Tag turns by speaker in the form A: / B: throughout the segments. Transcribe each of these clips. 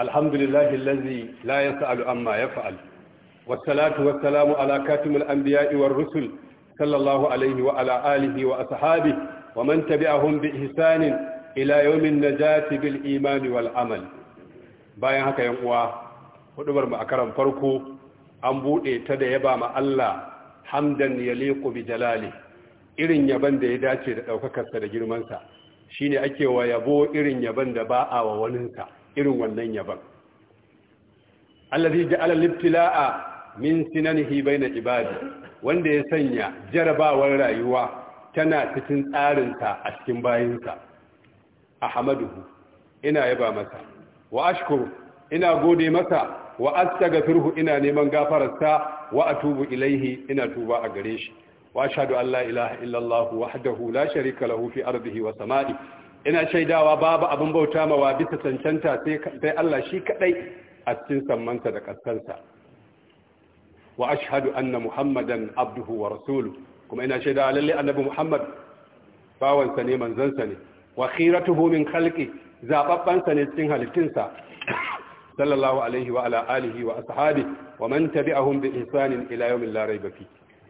A: alhamdulillahi allazi la yas'alu amma fa'al, wassalatu wassalamu ala katimil anbiya'i war rusul sallallahu alaihi wa ala alihi wa ashabihi wa man tabi'ahum bi ihsanin ila yawmin najati bil imani wal amal bayan haka yan uwa hudubar mu a karan farko an bude ta da yaba ma Allah hamdan yaliqu bi jalali irin yaban da ya dace da daukakar sa da girman sa shine ake wa yabo irin yaban da ba a wa waninsa irin wannan yaban allazi ja'ala libtila'a min sinanihi baina ibadi wanda ya sanya jarabawar rayuwa tana cikin tsarinsa a cikin bayinsa ahmaduhu ina yaba masa wa ashkuru ina gode masa wa astaghfiruhu ina neman gafararsa wa atubu ilaihi ina tuba a gare shi wa ashhadu an la ilaha illallah wahdahu la sharika lahu fi ardihi wa sama'i ina shaidawa babu abin bauta mawa bisa cancanta sai Allah shi kadai a cikin sammansa da kaskansa wa ashhadu anna muhammadan abduhu wa rasuluhu kuma ina shaidawa lalle annabi muhammad bawansa ne manzansa ne wa khiratuhu min khalqi zababbansa ne cikin halittinsa sallallahu alaihi wa ala alihi wa ashabi wa man tabi'ahum bi ihsanin ila yawmin la rayba fi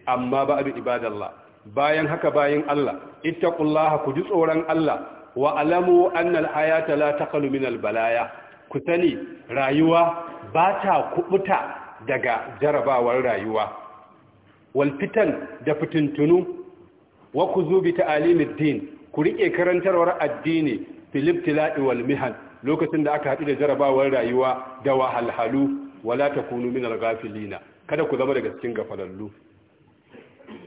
A: amma ba'du ibadallah bayan haka bayan Allah ittaqullaha ku ji tsoron Allah wa alamu annal hayata la taqalu min balaya ku sani rayuwa ba ta kubuta daga jarabawar rayuwa wal fitan da fitintunu wa ku zubi ta'alimid din ku rike karantarwar addini filibtila'i wal mihan lokacin da aka haɗu da jarabawar rayuwa da wahalhalu wala takunu min al kada ku zama daga cikin gafalallu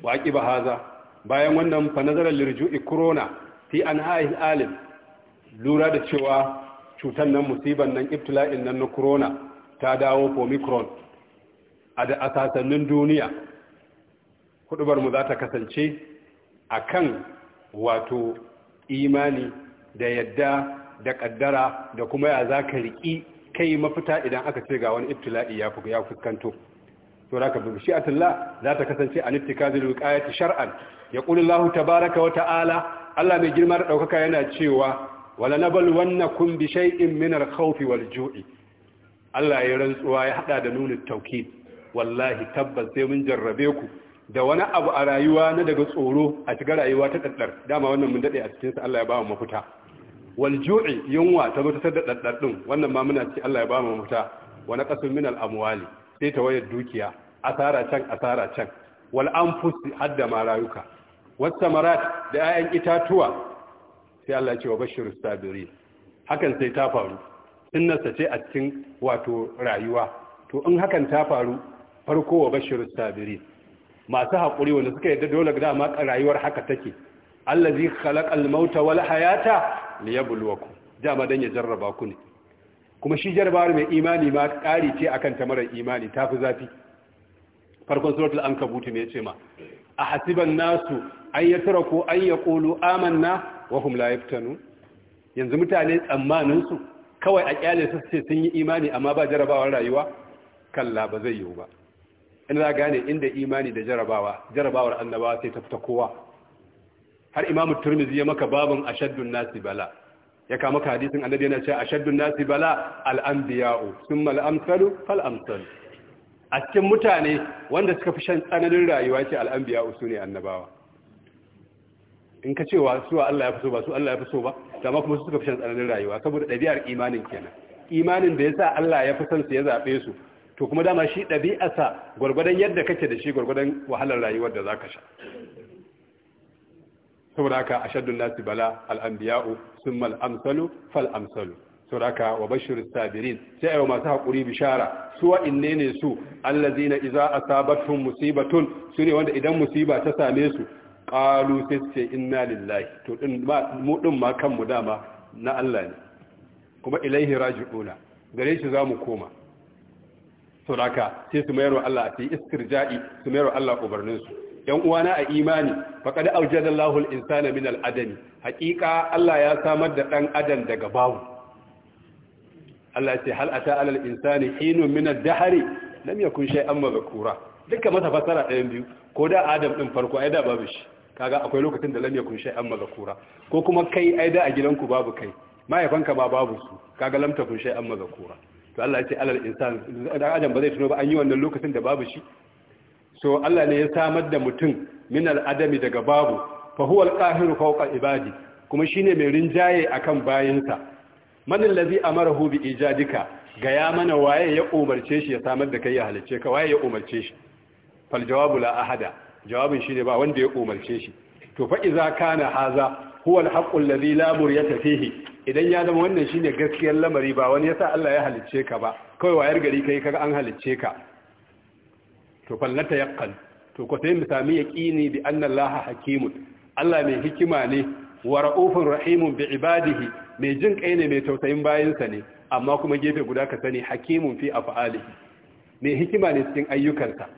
A: waqi bahaza bayan wannan fa nazaral lirju'i corona fi an ha'il alim lura da cewa cutar nan musibar nan ibtila'in nan na corona ta dawo omicron a da asasannin duniya mu za ta kasance a kan wato imani da yadda da kaddara da kuma ya za ka riƙi kai mafita idan aka ce ga wani iftila'i ya fuskanto to da ka shi atullah za ta kasance a nittika zai ta shar'an ya ta baraka wata ala. Allah mai girma da ɗaukaka yana cewa wala nabluwannakum bi shay'in min in khawfi wal-ju'i Allah ya rantsuwa ya hada da nunin taukid wallahi tabbas sai mun jarrabe ku da wani abu a rayuwa na daga tsoro a shiga rayuwa ta daddar dama wannan mun dade a cikin sa Allah ya ba mu mafita wal ju'i yunwa ta zo ta sadda daddar din wannan ma muna ci Allah ya ba mu mafita wa naqasun min al amwali sai ta wayar dukiya asara can asara can wal anfus hadda ma rayuka wasamarat da 'ya'yan itatuwa sai Allah ce wa Bashir sabiri hakan sai ta faru sunnarsa ce a cikin wato rayuwa to in hakan ta faru farko wa Bashir sabiri masu haƙuri wanda suka yadda dole da ma rayuwar haka take allazi khalaqal mauta wal hayata liyabluwakum dama dan ya jarraba ku ne kuma shi jarrabawar mai imani ma ƙari ce akan ta mara imani tafi zafi farkon suratul ankabut me yace ma hasiban nasu An ya ko an ya yaqulu amanna wa hum la yaftanu yanzu mutane tsammaninsu kawai a ƙyale su ce sun yi imani amma ba jarabawar rayuwa kalla ba zai yiwu ba in za gane inda imani da jarabawa jarabawar annabawa sai ta fita kowa har imamu turmizi ya maka babin ashaddun nasi bala ya kama ka hadisin annabi yana cewa ashaddun nasi bala al-anbiya'u thumma al-amsalu fal a cikin mutane wanda suka fi shan tsananin rayuwa ce al su ne annabawa in ka cewa suwa Allah ya fi so ba su Allah ya fi so ba dama kuma su suka fi shan tsananin rayuwa saboda ɗabi'ar imanin kenan imanin da ya sa Allah ya fi son su ya zaɓe su to kuma dama shi ɗabi'arsa gwargwadon yadda kake da shi gwargwadon wahalar rayuwar da za ka sha saboda haka ashaddun nasi bala al-Anbiyau sun mal amsalu fal amsalu saboda haka wa bashir sabirin sai ayo masu haƙuri bishara su wa inne ne su allazina iza asabatum musibatun su ne wanda idan musiba ta same su qalu sai inna lillahi to din mu din ma kanmu dama na Allah ne kuma ilaihi raji'una gare shi zamu koma sauraka sai su mayarwa Allah a cikin istirja'i su mayarwa Allah ubarnin su yan uwana a imani faqad awjada Allahu al-insana min al-adami Allah ya samar da dan adam daga babu Allah ce hal ata alal insani hinu min al dahri lam yakun shay'an mazkura duka masa fasara ɗayan biyu ko da adam din farko ai da babu shi kaga akwai lokacin da lam yakun maza kura ko kuma kai ai da a gidanku babu kai mahaifanka ba babu su kaga lam takun maza kura to Allah ya ce alal insan da adam ba zai tuno ba an yi wannan lokacin da babu shi so Allah ne ya samar da mutum min al adami daga babu fa huwa al qahiru fawqa ibadi kuma shine mai rinjaye akan bayinsa man allazi amarahu bi ijadika ga ya mana waye ya umarce shi ya samar da kai ya halice ka waye ya umarce shi fal jawabu la ahada jawabin shi ne ba wanda ya umarce shi to fa iza kana haza huwa alhaqqu alladhi la muryata idan ya zama wannan shine gaskiyar lamari ba wani yasa Allah ya halicce ka ba kawai wayar gari kai kaga an halicce ka to fallata yaqqan to ko sai mu sami yaqini bi anna Allah hakimun Allah mai hikima ne wa ra'ufun rahimun bi ibadihi mai jin kai ne mai tausayin bayansa ne amma kuma gefe guda ka sani hakimun fi af'alihi mai hikima ne cikin ayyukansa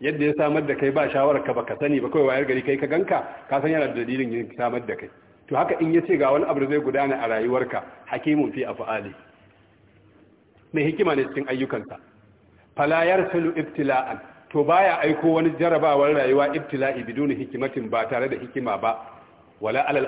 A: yadda ya samar da kai ba shawarar ka baka sani ba kawai wayar gari kai ka ganka ka san yana da dalilin yin samar da kai to haka in yace ga wani abu zai gudana a rayuwarka hakimun fi af'ali mai hikima ne cikin ayyukansa fala yarsalu ibtila'an to baya aiko wani jarabawar rayuwa ibtila'i biduni hikimatin ba tare da hikima ba wala alal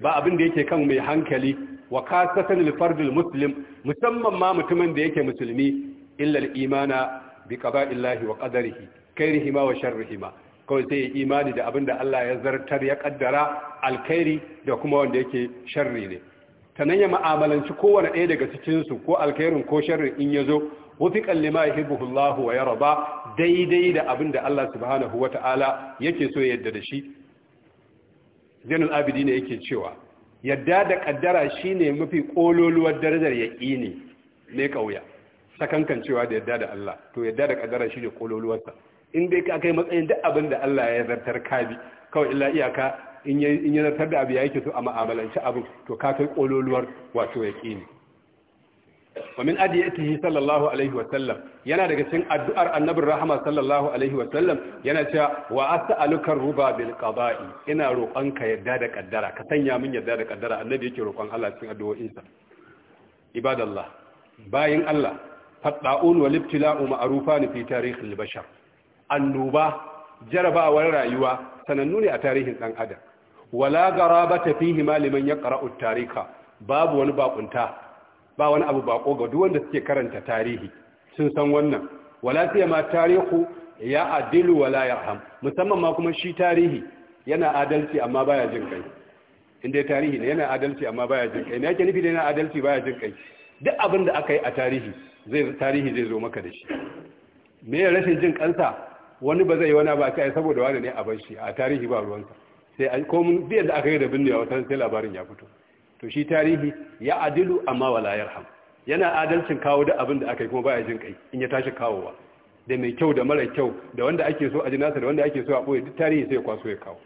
A: ba abin da yake kan mai hankali wa kasatan lil fardil muslim musamman ma mutumin da yake musulmi illa al imana bi illahi wa qadarihi hima wa sharri hima kawai sai ya imani da abinda Allah ya zartar ya kaddara alkhairi da kuma wanda yake sharri ne tanan ya mu'amalanci kowanne ɗaya daga cikin su ko alkhairin ko sharrin in yazo wufiqan lima yuhibbu Allahu wa yarda daidai da abinda Allah subhanahu wata'ala yake so yadda da shi Zainul Abidin yake cewa yadda da kaddara shine mafi kololuwar darajar yaqini ne kauya cewa da yadda da Allah to yadda da kadara shi ne kololuwarsa in dai ka kai matsayin duk abin da Allah ya zartar kabi kawai illa iyaka in ya zartar da abu ya yake so a ma'amalanci abu to ka kai kololuwar wato yaqini wa min adiyatihi sallallahu alaihi wa sallam yana daga cikin addu'ar annabin rahama sallallahu alaihi wa sallam yana cewa wa as'aluka ruba bil qada'i ina roƙonka yadda da kaddara ka sanya min yadda da kaddara annabi yake roƙon Allah cikin addu'o'insa ibadallah bayin Allah fadda'un wal ibtila'u ma'rufan fi tarikh al bashar annuba jarabawar rayuwa sanannu ne a tarihin dan adam wala garabata fihi ma liman yaqra'u tarika babu wani bakunta ba wani abu bako ga duk wanda suke karanta tarihi sun san wannan wala ma tarihu ya adilu wala yarham musamman ma kuma shi tarihi yana adalci amma baya jin kai inda tarihi ne yana adalci amma baya jin kai ne yake nufi da yana adalci baya jin kai duk abin da aka yi a tarihi zai tarihi zai zo maka da shi me ya rashin jin kansa wani ba zai yi wani ba kai saboda wani ne a ban shi a tarihi ba ruwansa sai a ko mun da aka yi da binnewa wata sai labarin ya fito to shi tarihi ya adilu amma wala yarham yana adalcin kawo da abin da aka yi kuma baya jin kai in ya tashi kawowa da mai kyau da mara kyau da wanda ake so a jinasa da wanda ake so a boye duk tarihi sai ya kwaso ya kawo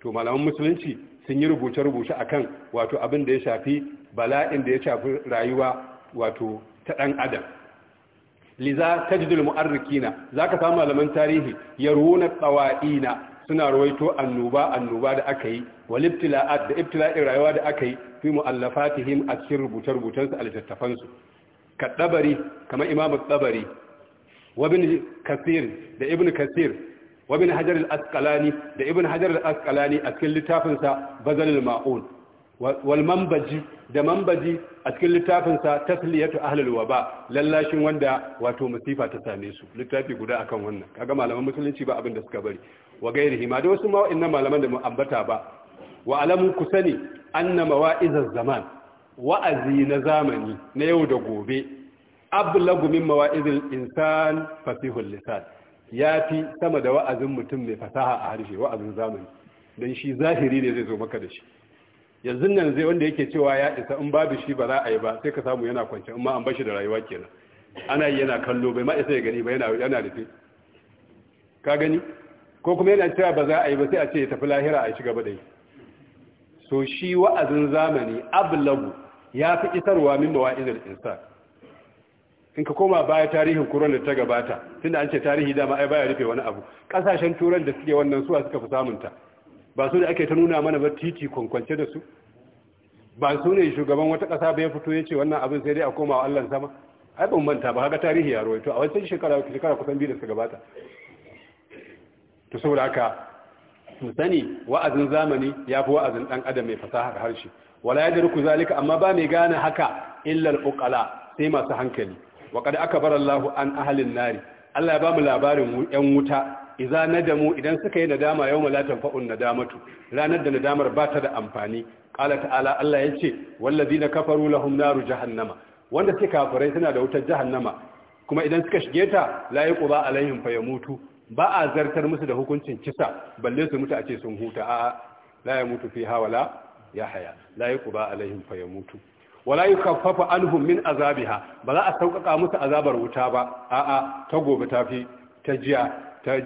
A: to malaman musulunci sun yi rubuce-rubuce akan wato abin da ya shafi bala'in da ya shafi rayuwa wato ta ɗan adam liza tajdul mu'arrikina zaka samu malaman tarihi yaruna tsawaina suna rawaito annoba annoba da aka yi wal da ibtila'in rayuwa da aka yi fi mu'allafatihim a cikin rubuce-rubucen su a littattafan su kadabari kamar imamu tsabari wabin kasir da ibn kasir wabin hajar al da ibn hajar al a cikin littafinsa bazalil ma'un wal da mambaji a cikin littafinsa tasliyatu ahlul waba lallashin wanda wato masifa ta same su littafi guda akan wannan kaga malaman musulunci ba abin da suka bari wa gairihi hima da wasu mawa'in na malaman da mu ambata ba wa alamu kusani anna mawa'izaz zaman wa'azi na zamani na yau da gobe ablagu min mawa'izil insan fasihul lisan yafi sama da wa'azin mutum mai fasaha a harshe wa'azin zamani dan shi zahiri ne zai zo maka da shi yanzu nan zai wanda yake cewa ya isa in babu shi ba za a yi ba sai ka samu yana kwance amma an bashi da rayuwa kenan ana yi yana kallo bai ma isa ya gani ba yana rufe ka gani ko kuma yana cewa ba za a yi ba sai a ce ya tafi lahira a shi gaba da yi so shi wa'azin zamani ablagu ya fi isarwa min wa'izar insa in ka koma baya tarihin kuran da ta gabata tunda an ce tarihi dama ai baya rufe wani abu kasashen turan da suke wannan suwa suka fi samunta ba su ne ake ta nuna mana ba titi kwankwance da su ba su ne shugaban wata ƙasa ba ya fito ya ce wannan abin sai dai a komawa Allah sama ai ban manta ba haka tarihi ya rawaito a wancan shekara shekara kusan biyu da suka gabata to saboda haka mu sani wa'azin zamani ya fi wa'azin ɗan adam mai fasahar harshe wala ya darku zalika amma ba mai gane haka illal uqala sai masu hankali wa qad akbara Allahu an ahlin nari Allah ya ba mu labarin yan wuta iza nadamu idan suka yi nadama yau malatan fa’un nadamatu ranar da nadamar ba ta da amfani qala ta'ala Allah ya ce yace wallazina kafaru lahum naru jahannama wanda suka kafarai suna da wutar jahannama kuma idan suka shige ta la fa alaihim mutu. ba a zartar musu da hukuncin kisa balle su mutu a ce sun huta a la yamutu hawala ya haya la fa alaihim mutu. wala yukaffafa anhum min azabiha ba za a sauƙaƙa musu azabar wuta ba a'a ta gobe ta fi ta jiya ta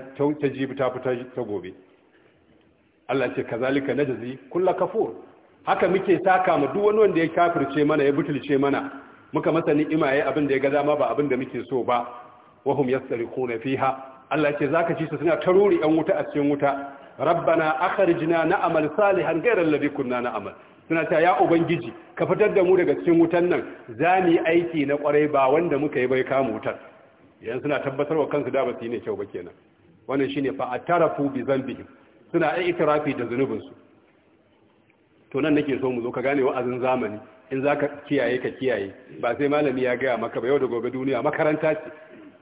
A: jibi ta fita ta gobe Allah ce kazalika najzi kulla kafur haka muke saka mu duk wani wanda ya kafirce mana ya butulce mana muka masa ni'ima abinda abin da ya ga dama ba abin da muke so ba wahum yasriquna fiha Allah ce zaka ci su suna taruri yan wuta a cikin wuta rabbana akhrijna na'mal salihan ghayra alladhi kunna na'mal suna ta ya ubangiji ka fitar da mu daga cikin wutan nan za mu yi aiki na kwarai ba wanda muka yi bai kama wutar yanzu suna tabbatar wa kansu da ba su yi ne kyau ba kenan wannan shine fa atarafu bi zambihim suna ai itirafi da zunubin su to nan nake so mu zo ka gane wa'azin zamani in zaka kiyaye ka kiyaye ba sai malami ya gaya maka ba yau da gobe duniya makaranta ce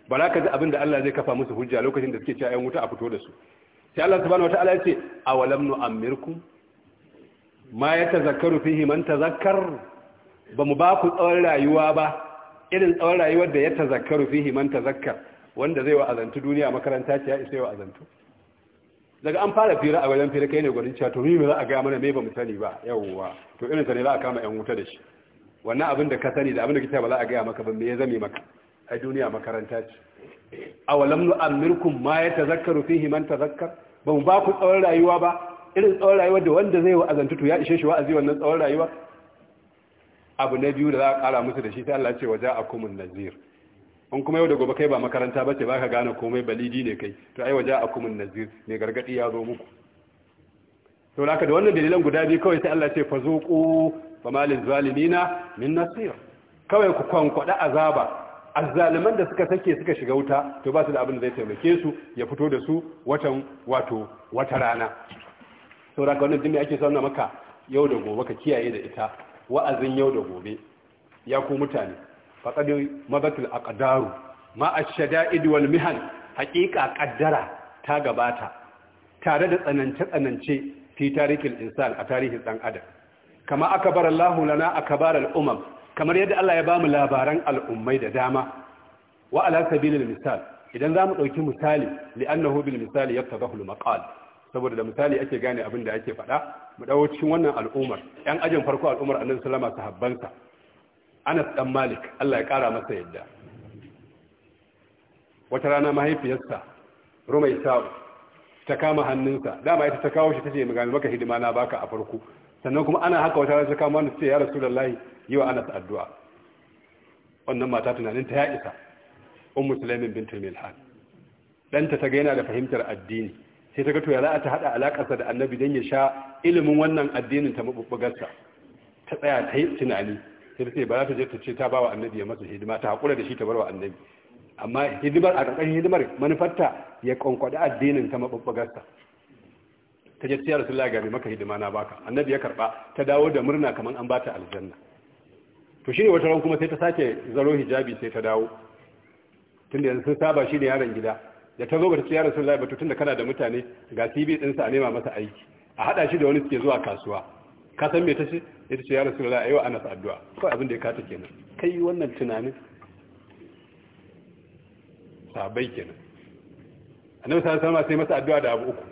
A: ba za ka ji abin da Allah zai kafa musu hujja lokacin da suke cewa ‘yan wuta a fito da su sai Allah subhanahu wata'ala ya ce a nu amirku ma ya tazakkaru fihi man tazakkar ba mu ba ku tsawon rayuwa ba irin tsawon rayuwar da ya tazakkaru fihi himan tazakkar wanda zai wa'azantu duniya makaranta ce ya isa ya wa'azantu daga an fara fira a wajen fira kai ne gwanin cewa to ni ba za a gaya mana me ba mu sani ba yawwa to irin sa ne za a kama yan wuta da shi wannan abin da ka sani da abin da kike ba za a gaya maka ba me ya zame maka a duniya makaranta ce A walam nu amirkum ma ya yatazakkaru fihi himan tazakkar ba mu ba ku tsawon rayuwa ba irin tsawon rayuwa da wanda zai wa'azantu to ya ishe shi wa'azi wannan tsawon rayuwa abu na biyu da za a kara musu da shi sai Allah ce waje a kumun nazir in kuma yau da gobe kai ba makaranta ba ce ba ka gane komai balidi ne kai to ai waje a kumun nazir ne gargadi ya zo muku to da da wannan dalilan guda biyu kawai sai Allah ce fa zuqu fa malil zalimina min nasir kawai ku kwankwada azaba azzaliman da suka sake suka shiga wuta to ba su da abin da zai taimake su ya fito da su watan wato wata rana saboda ka wannan jini ake sauna maka yau da gobe ka kiyaye da ita wa'azin yau da gobe ya ku mutane faƙadin mabatul aqdaru ma ash-shada'id wal mihan haƙiƙa ƙaddara ta gabata tare da tsanance tsanance fi tarikin insan a tarihin ɗan adam kama aka bar Allah lana aka bar al'umam kamar yadda Allah ya bamu labaran al'ummai da dama wa ala sabilil misal idan zamu ɗauki misali annahu bil misali yaftahu al maqal saboda da misali ake gane abin da ake faɗa mu dawo cikin wannan al'ummar yan ajin farko al'umar annabi sallama sahabbansa Anas dan Malik Allah ya kara masa yadda wata rana mahaifiyarsa Rumaysa ta kama hannunsa dama ita ta kawo shi tace mu ga maka hidima na baka a farko sannan kuma ana haka wata rana ta kama hannunsa ya Rasulullahi yi wa Anas addu'a wannan mata tunanin ta ya isa ummu Sulaimin bintul Milhan danta ta ga yana da fahimtar addini sai ta ga to ya za ta hada alakarsa da annabi don ya sha ilimin wannan addinin ta mabubbugarsa ta tsaya ta yi tunani sai ta ce ba za ta je ta ce ta bawa annabi ya masa hidima ta haƙura da shi ta barwa annabi amma hidimar a ƙarƙashin hidimar manufarta ya kwankwada addinin ta mabubbugarsa ta je tiyar rasulullah ga maka hidima na baka annabi ya karɓa ta dawo da murna kaman an bata aljanna to shine wata ran kuma sai ta sake zaro hijabi sai ta dawo tunda yanzu sun saba shi ne yaron gida da ta zo ba ta ce ya rasulullahi ba tun da kana da mutane ga TV ɗinsa a nema masa aiki a haɗa shi da wani suke zuwa kasuwa ka san me ta ce ya ce ya a ayi wa anas addu'a ko abin da ya kata kenan kai wannan tunanin sabai kenan annabi sallallahu alaihi wasallam sai masa addu'a da abu uku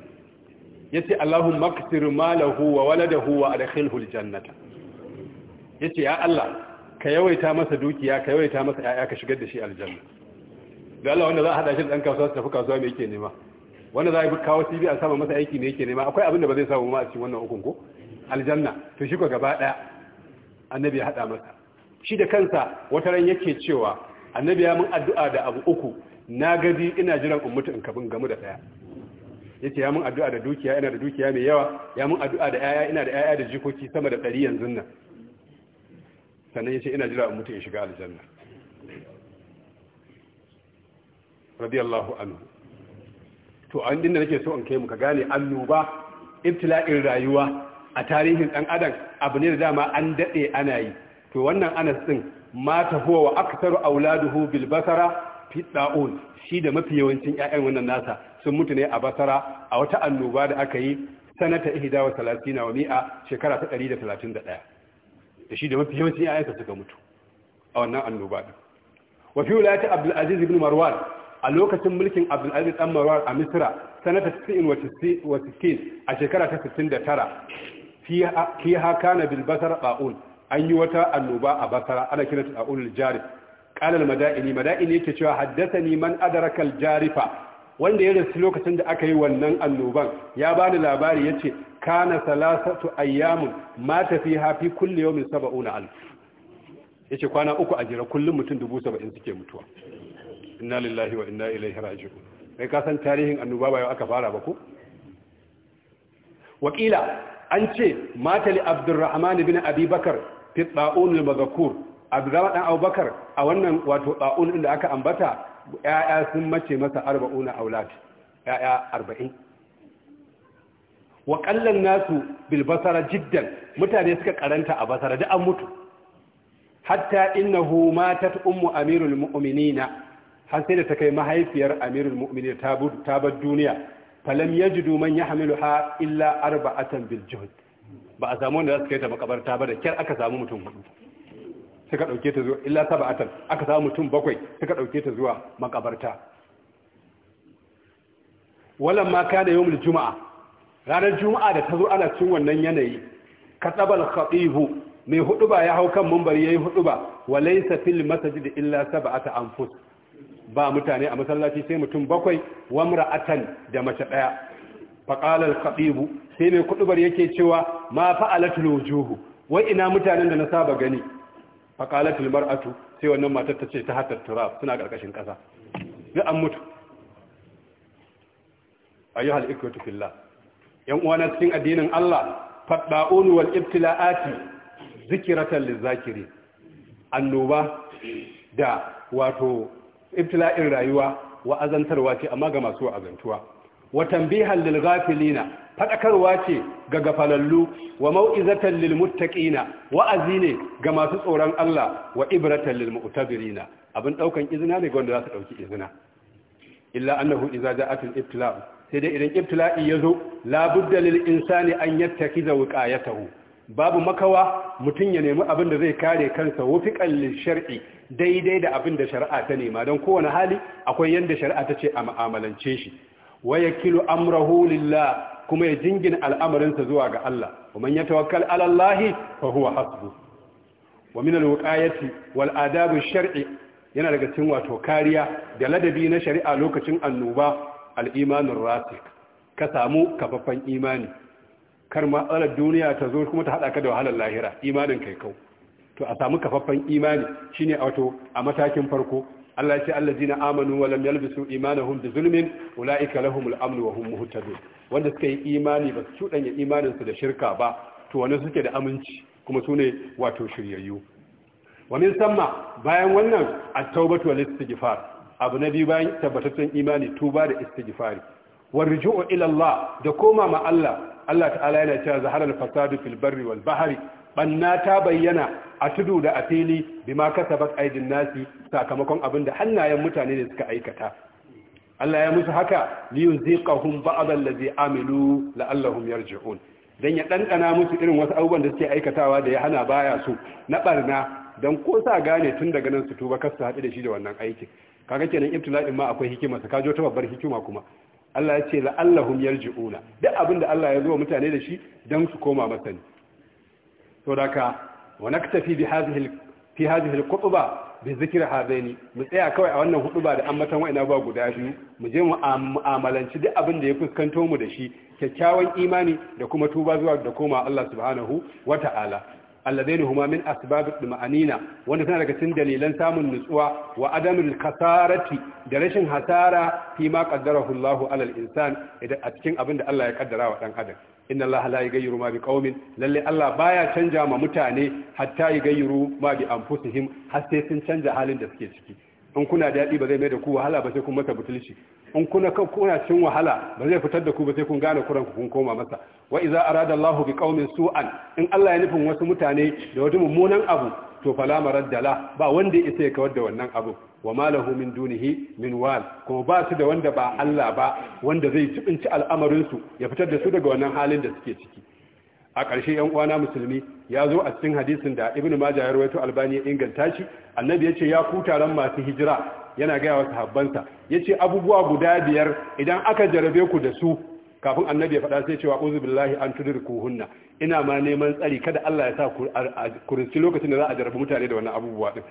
A: yace allahumma qtir malahu wa waladahu wa adkhilhu aljannata yace ya allah ka yawaita masa dukiya ka yawaita masa 'ya'ya ka shigar da shi aljanna da Allah wanda za a hada shi da ɗan kasuwa su tafi kasuwa me yake nema wanda za a kawo cibi a samun masa aiki me yake nema akwai abin da ba zai samu ma a cikin wannan ukun ko aljanna to shi ko gaba daya annabi ya hada masa shi da kansa wata ran yake cewa annabi ya mun addu'a da abu uku na gaji ina jiran mutu in kabin gamu da daya yace ya mun addu'a da dukiya ina da dukiya mai yawa ya mun addu'a da yaya ina da yaya da jikoki sama da ɗari yanzu nan sannan yace ina jira in mutu in shiga aljanna radiyallahu anhu to an dinda nake so in kai mu ka gane annoba ibtila'in rayuwa a tarihin dan adam abu ne da dama an dade ana yi to wannan anas din mata huwa wa aktaru auladuhu bil basara fi da'un shi da mafi yawancin ƴaƴan wannan nasa sun mutu ne a basara a wata annoba da aka yi sanata 31 wa mi'a shekara ta 131 da shi da mafi yawancin ƴaƴansa suka mutu a wannan annoba din wa fi wilayati abdul aziz ibn marwan a lokacin mulkin abdulaziz dan marwan a misra sanata 1960 a shekara ta 69 fi kana bil basar qaul an yi wata annoba a basara ana kira ta qaul jarif qala madaini madaini yake cewa haddathani man adraka jarifa wanda ya rasu lokacin da aka yi wannan annoban ya bani labari yace kana salasatu ayyamun mata fi ha fi kulli yawmin 70000 yace kwana uku a jira kullum mutum 70000 suke mutuwa inna lillahi wa inna ilaihi raji'un kai ka san tarihin annoba ba yau aka fara ba ko wakila an ce mata li abdurrahman ibn abi bakar fi ta'un al abdurrahman dan abubakar a wannan wato ta'un din da aka ambata ya'ya sun mace masa 40 aulad ya'ya 40 wa nasu bil basara jiddan mutane suka karanta a basara da an mutu hatta innahu matat ummu amirul mu'minina har sai da ta kai mahaifiyar amirul mu'minin ta bar duniya falam yajidu man yahmiluha illa arba'atan bil juhd ba a samu wanda za su kai ta makabarta ba da kyar aka samu mutum hudu suka dauke ta zuwa illa sab'atan aka samu mutum bakwai suka dauke ta zuwa makabarta walan ma kana yawmul juma'a ranar juma'a da ta zo ana cin wannan yanayi katabal khatibu mai hudu ba ya hau kan mumbari yayi hudu ba walaysa fil masjid illa sab'ata anfus ba mutane a masallaci sai mutum bakwai wa da mace daya faqala al sai mai kudubar yake cewa ma fa'alatul wujuhu wai ina mutanen da na saba gani faqalatul mar'atu sai wannan matar ta ce ta hatar turab suna karkashin kasa duk an mutu ayyuhal ikwatu fillah yan uwana cikin addinin Allah fadda'un wal ibtila'ati zikratan lizakiri annoba da wato ibtila'in rayuwa wa azantarwa ce amma ga masu azantuwa wa tambihan lil ghafilina fadakarwa ce ga gafalallu wa mau'izatan lil muttaqina wa'azi ne ga masu tsoron Allah wa ibratan lil mu'tabirina abin daukan izina ne ga za su dauki izina illa annahu idza ja'at al ibtila' sai dai idan ibtila'i yazo la budda lil insani an yattakiza wiqayatahu babu makawa mutum ya nemi abin da zai kare kansa ƙallin shar'i daidai da abin da shari'a ta nema don kowane hali akwai yadda shari'a ta ce a ma'amalance shi waya kilu amurahu lillah kuma ya jingina al'amarinsa zuwa ga Allah ya ومن يتوكل على الله فهو حسبه ومن الوقايه wal'adabin الشرعي yana daga cikin wato kariya da ladabi na shari'a lokacin annoba al-imanur rasik ka samu kafaffan imani kar matsalar duniya ta zo kuma ta haɗa ka da wahalar lahira imanin kai kau to a samu kafaffen imani shine wato a matakin farko Allah ya ce allazina amanu wa lam yalbisu imanahum bi zulmin ulaika lahumul amn wa hum muhtadun wanda suka yi imani ba su cudanya imanin su da shirka ba to wani suke da aminci kuma sune wato shiryayyu wa min samma bayan wannan at-taubatu wal istighfar abu na biyu bayan tabbataccen imani tuba da istighfari wa rujuu ila Allah da koma ma Allah Allah ta'ala yana cewa zaharar fasadu fil barri wal bahari banna ta bayyana a tudu da a fili bima kasabat aidin nasi sakamakon abin da hannayen mutane ne suka aikata Allah ya musu haka li yunziqahum ba'd allazi amilu la'allahum yarji'un dan ya dandana musu irin wasu abubuwan da suke aikatawa da ya hana baya su na barna dan ko sa gane tun daga nan su tuba kar su da shi da wannan aikin kaga kenan ibtila'in ma akwai hikimarsa kajo ta babbar hikima kuma Allah ya ce la'allahum yarji'una duk abin da Allah ya zo mutane da shi dan su koma masa ne to daka wa naktafi bi hadhihi fi hadhihi al-khutba bi dhikri hadaini mu tsaya kawai a wannan hutuba da ambatan wa'ina ba guda biyu mu je mu amalanci duk abin da ya fuskanto mu da shi kyakkyawan imani da kuma tuba zuwa da koma Allah subhanahu wata'ala alladaini huma min asbabi duma'anina wanda tana daga cikin dalilan samun nutsuwa wa adamul kasarati da rashin hasara fi ma qaddarahu Allahu alal insan idan a cikin abin da Allah ya kaddara wa dan adam inna Allah la yughayyiru ma biqaumin lalle Allah baya canja ma mutane hatta yughayyiru ma bi anfusihim har sai sun canja halin da suke ciki in kuna daɗi ba zai mai da ku wahala ba sai kun masa butulci in kuna kan kuna cin wahala ba zai fitar da ku ba sai kun gane kuran ku kun koma masa wa iza arada Allah bi qaumin su'an in Allah ya nufin wasu mutane da wata mummunan abu to fala maraddala ba wanda ya isa ya kawar da wannan abu wa malahu min dunihi min wal kuma ba su da wanda ba Allah ba wanda zai tsinci al'amarin su ya fitar da su daga wannan halin da suke ciki a ƙarshe yan uwana musulmi ya zo a cikin hadisin da ibnu majah ya rawaito albani ya inganta shi annabi ya ce ya ku taron masu hijira yana gaya wa ya ce abubuwa guda biyar idan aka jarabe ku da su kafin annabi ya faɗa sai cewa uzu billahi an ku hunna ina ma neman tsari kada Allah ya sa kurinci lokacin da za a jarabi mutane da wannan abubuwa din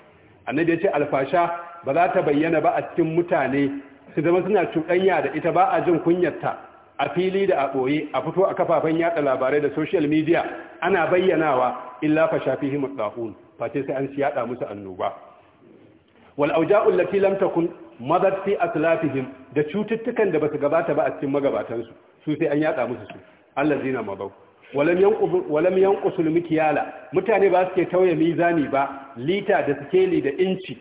A: annabi ya ce alfasha ba za ta bayyana ba a cikin mutane su zama suna cuɗanya da ita ba a jin kunyarta a fili da a ɓoye a fito a kafafen yada labarai da social media ana bayyanawa illa fa shafihi mutsahun face sai an siyada musu annoba wal auja'u allati lam takun madat fi atlafihim da cututtukan da basu gabata ba a cikin magabatansu su sai an yatsa musu su allazina mabau walam yanqub walam yanqusul mutane ba suke tauye mizani ba lita da sikeli da inci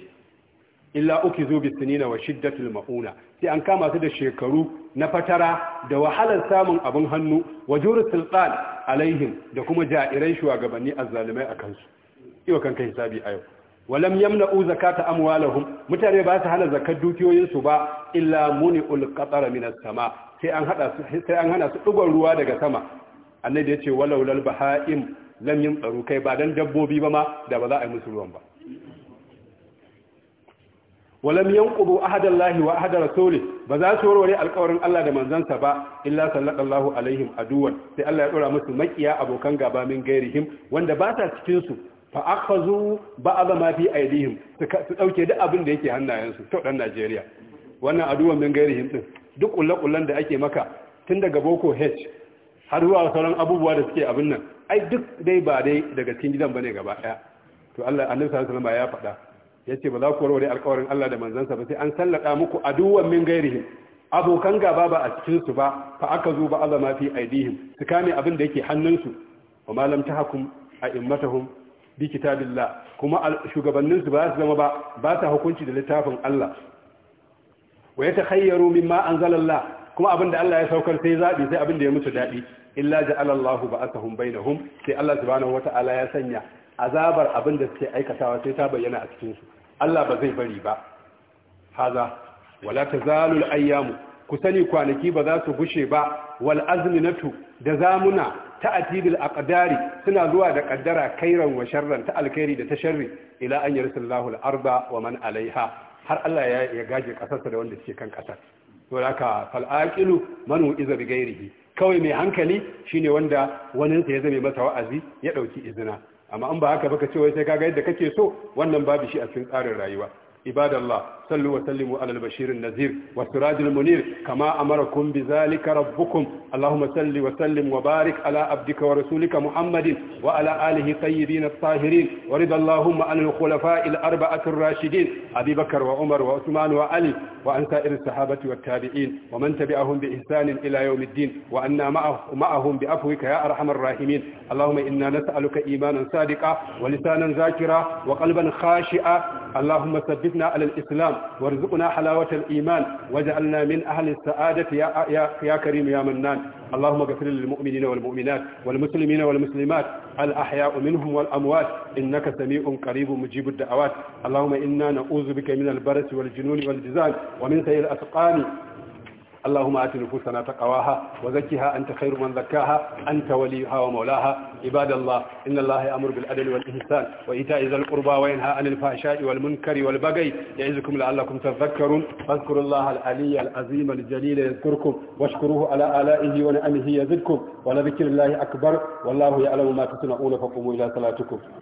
A: illa ukizu sinina wa shiddatul mauna sai an kama su da shekaru na fatara da wahalar samun abin hannu wa jurus sultan alaihim da kuma ja'irai shugabanni azzalimai akan su iyo kanka hisabi a yau walam yamna'u zakata amwalahum mutane ba su hana zakar dukiyoyinsu ba illa muni'ul qatara minas sama sai an hada su sai an hana su dugon ruwa daga sama annabi yace walau lal bahaim lam yamtaru kai ba dan dabbobi ba ma da ba za a yi musu ruwan ba walam yanqudu ahadallahi wa ahad rasulih ba za su warware alƙawarin Allah da manzansa ba illa sallallahu alaihim aduwan sai Allah ya dora musu makiya abokan gaba min gairihim wanda ba sa cikin su fa akhazu ba'd ma fi aydihim su dauke duk abin da yake hannayensu to dan Najeriya wannan aduwa min gairihim din duk kullakullan da ake maka tun daga Boko H har zuwa sauran abubuwa da suke abin nan ai duk dai ba dai daga cikin gidan bane gaba daya to Allah annabi sallallahu alaihi wasallam ya faɗa yace ba za ku warware alƙawarin Allah da manzansa ba sai an sallaka muku aduwa min gairihim abokan gaba ba a cikin su ba fa aka zo ba azama fi aidihim su kame abin da yake hannunsu wa malam tahkum a immatahum bi kitabillah kuma shugabannin su ba su zama ba ba ta hukunci da littafin Allah wa yatakhayyaru mimma anzalallah kuma abinda Allah ya saukar sai zabi sai abinda ya mutu dadi illa ja'ala Allahu ba'athahum bainahum sai Allah subhanahu wata'ala ya sanya azabar abinda suke aikatawa sai ta bayyana a cikin su Allah ba zai bari ba haza wala tazalu al-ayyamu ku sani kwanaki ba za su gushe ba wal azminatu da zamuna ta ta'atidil aqdari suna zuwa da kaddara kairan wa sharran ta Alkairi da ta sharri ila an yarsallahu al-arda wa man alaiha har Allah ya ya gaje kasarsa da wanda suke kan kasar to da fal aqilu man wa'iza bi ghairihi kawai mai hankali shine wanda waninsa ya zame masa wa'azi ya dauki izina amma in ba haka baka ce wai sai kaga yadda kake so wannan babu shi a cikin tsarin rayuwa عباد الله صلوا وسلموا على البشير النذير والسراج المنير كما أمركم بذلك ربكم اللهم صل وسلم وبارك على عبدك ورسولك محمد وعلى آله الطيبين الطاهرين ورضى اللهم عن الخلفاء الأربعة الراشدين أبي بكر وعمر وعثمان وعلي وعن سائر الصحابة والتابعين ومن تبعهم بإحسان إلى يوم الدين وأنا معهم بعفوك يا أرحم الراحمين اللهم إنا نسألك إيمانا صادقا ولسانا ذاكرا وقلبا خاشئا اللهم ثبتنا على الإسلام وارزقنا حلاوة الإيمان واجعلنا من أهل السعادة يا, يا, يا كريم يا منان اللهم اغفر للمؤمنين والمؤمنات والمسلمين والمسلمات الأحياء منهم والأموات إنك سميع قريب مجيب الدعوات اللهم إنا نعوذ بك من البرس والجنون والجزال ومن سيء الأسقان اللهم آت نفوسنا تقواها وزكها أنت خير من زكاها أنت وليها ومولاها عباد الله إن الله أمر بالعدل والإحسان وإيتاء ذي القربى وينهى عن الفحشاء والمنكر والبغي يعظكم لعلكم تذكرون فاذكروا الله العلي العظيم الجليل يذكركم واشكروه على آلائه ونعمه يزدكم ولذكر الله أكبر والله يعلم ما تصنعون فقوموا إلى صلاتكم